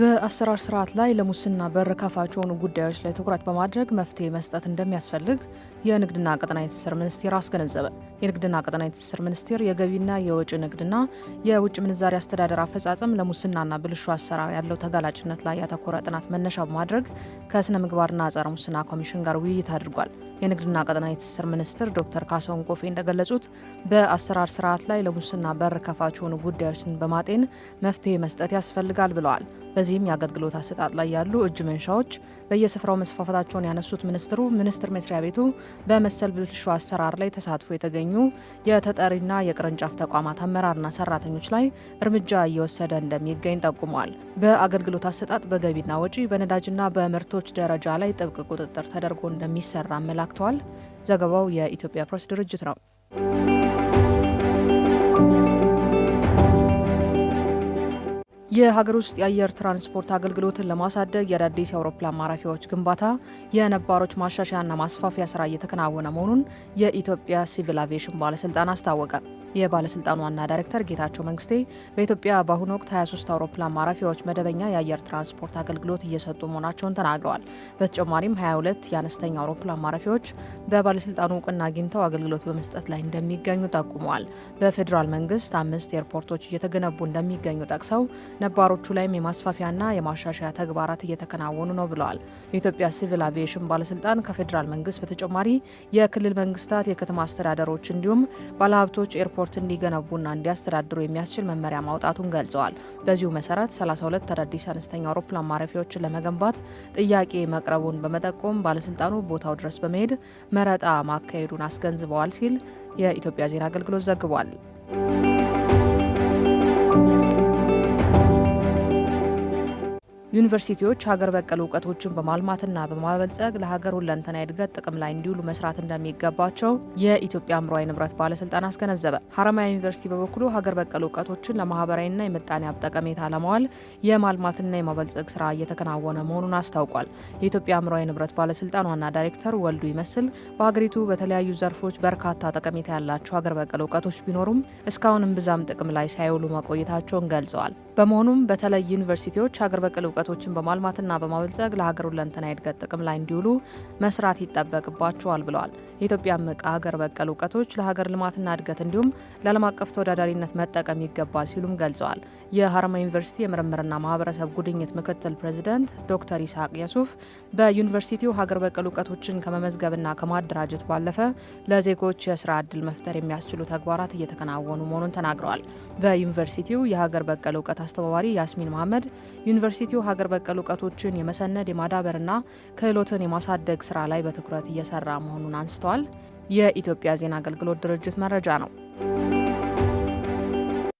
በአሰራር ስርዓት ላይ ለሙስና በር ከፋች የሆኑ ጉዳዮች ላይ ትኩረት በማድረግ መፍትሄ መስጠት እንደሚያስፈልግ የንግድና ቀጠናዊ ትስስር ሚኒስቴር አስገነዘበ። የንግድና ቀጠናዊ ትስስር ሚኒስቴር የገቢና የወጪ ንግድና የውጭ ምንዛሪ አስተዳደር አፈጻጸም ለሙስናና ብልሹ አሰራር ያለው ተጋላጭነት ላይ ያተኮረ ጥናት መነሻ በማድረግ ከስነ ምግባርና ጸረ ሙስና ኮሚሽን ጋር ውይይት አድርጓል። የንግድና ቀጠናዊ ትስስር ሚኒስትር ዶክተር ካሳሁን ጎፌ እንደገለጹት በአሰራር ስርዓት ላይ ለሙስና በር ከፋች የሆኑ ጉዳዮችን በማጤን መፍትሄ መስጠት ያስፈልጋል ብለዋል። በዚህም የአገልግሎት አሰጣጥ ላይ ያሉ እጅ መንሻዎች በየስፍራው መስፋፋታቸውን ያነሱት ሚኒስትሩ ሚኒስቴር መስሪያ ቤቱ በመሰል ብልሹ አሰራር ላይ ተሳትፎ የተገኙ የተጠሪና የቅርንጫፍ ተቋማት አመራርና ሰራተኞች ላይ እርምጃ እየወሰደ እንደሚገኝ ጠቁሟል። በአገልግሎት አሰጣጥ በገቢና ወጪ በነዳጅና በምርቶች ደረጃ ላይ ጥብቅ ቁጥጥር ተደርጎ እንደሚሰራ አመላክተዋል። ዘገባው የኢትዮጵያ ፕሬስ ድርጅት ነው። የሀገር ውስጥ የአየር ትራንስፖርት አገልግሎትን ለማሳደግ የአዳዲስ የአውሮፕላን ማረፊያዎች ግንባታ፣ የነባሮች ማሻሻያና ማስፋፊያ ስራ እየተከናወነ መሆኑን የኢትዮጵያ ሲቪል አቪዬሽን ባለስልጣን አስታወቀ። የባለስልጣን ዋና ዳይሬክተር ጌታቸው መንግስቴ በኢትዮጵያ በአሁኑ ወቅት 23 አውሮፕላን ማረፊያዎች መደበኛ የአየር ትራንስፖርት አገልግሎት እየሰጡ መሆናቸውን ተናግረዋል። በተጨማሪም 22 የአነስተኛ አውሮፕላን ማረፊያዎች በባለስልጣኑ እውቅና አግኝተው አገልግሎት በመስጠት ላይ እንደሚገኙ ጠቁመዋል። በፌዴራል መንግስት አምስት ኤርፖርቶች እየተገነቡ እንደሚገኙ ጠቅሰው ነባሮቹ ላይም የማስፋፊያና የማሻሻያ ተግባራት እየተከናወኑ ነው ብለዋል። የኢትዮጵያ ሲቪል አቪዬሽን ባለስልጣን ከፌዴራል መንግስት በተጨማሪ የክልል መንግስታት፣ የከተማ አስተዳደሮች እንዲሁም ባለሀብቶች ኤርፖርት ሪዞርት እንዲገነቡና እንዲያስተዳድሩ የሚያስችል መመሪያ ማውጣቱን ገልጸዋል። በዚሁ መሰረት 32 አዳዲስ አነስተኛ አውሮፕላን ማረፊያዎችን ለመገንባት ጥያቄ መቅረቡን በመጠቆም ባለስልጣኑ ቦታው ድረስ በመሄድ መረጣ ማካሄዱን አስገንዝበዋል ሲል የኢትዮጵያ ዜና አገልግሎት ዘግቧል። ዩኒቨርሲቲዎች ሀገር በቀል እውቀቶችን በማልማትና በማበልጸግ ለሀገር ሁለንተና እድገት ጥቅም ላይ እንዲውሉ መስራት እንደሚገባቸው የኢትዮጵያ አእምሯዊ ንብረት ባለስልጣን አስገነዘበ። ሀረማያ ዩኒቨርሲቲ በበኩሉ ሀገር በቀል እውቀቶችን ለማህበራዊና የምጣኔ ሀብት ጠቀሜታ ለማዋል የማልማትና የማበልጸግ ስራ እየተከናወነ መሆኑን አስታውቋል። የኢትዮጵያ አእምሯዊ ንብረት ባለስልጣን ዋና ዳይሬክተር ወልዱ ይመስል በሀገሪቱ በተለያዩ ዘርፎች በርካታ ጠቀሜታ ያላቸው ሀገር በቀል እውቀቶች ቢኖሩም እስካሁን ብዛም ጥቅም ላይ ሳይውሉ መቆየታቸውን ገልጸዋል። በመሆኑም በተለይ ዩኒቨርሲቲዎች ሀገር በቀል እውቀ ግዛቶችን በማልማትና በማበልጸግ ለሀገር ሁለንተናዊ እድገት ጥቅም ላይ እንዲውሉ መስራት ይጠበቅባቸዋል ብለዋል። ምቃ ሀገር በቀል እውቀቶች ለሀገር ልማትና እድገት እንዲሁም ለዓለም አቀፍ ተወዳዳሪነት መጠቀም ይገባል ሲሉም ገልጸዋል። የሀረማ ዩኒቨርሲቲ የምርምርና ማህበረሰብ ጉድኝት ምክትል ፕሬዚደንት ዶክተር ይስሐቅ የሱፍ በዩኒቨርሲቲው ሀገር በቀል እውቀቶችን ከመመዝገብና ከማደራጀት ባለፈ ለዜጎች የስራ እድል መፍጠር የሚያስችሉ ተግባራት እየተከናወኑ መሆኑን ተናግረዋል። በዩኒቨርሲቲው የሀገር በቀል እውቀት አስተባባሪ ያስሚን መሐመድ ዩኒቨርሲቲው ሀገር በቀል እውቀቶችን የመሰነድ የማዳበርና ክህሎትን የማሳደግ ስራ ላይ በትኩረት እየሰራ መሆኑን አንስተዋል። ተሰምተዋል። የኢትዮጵያ ዜና አገልግሎት ድርጅት መረጃ ነው።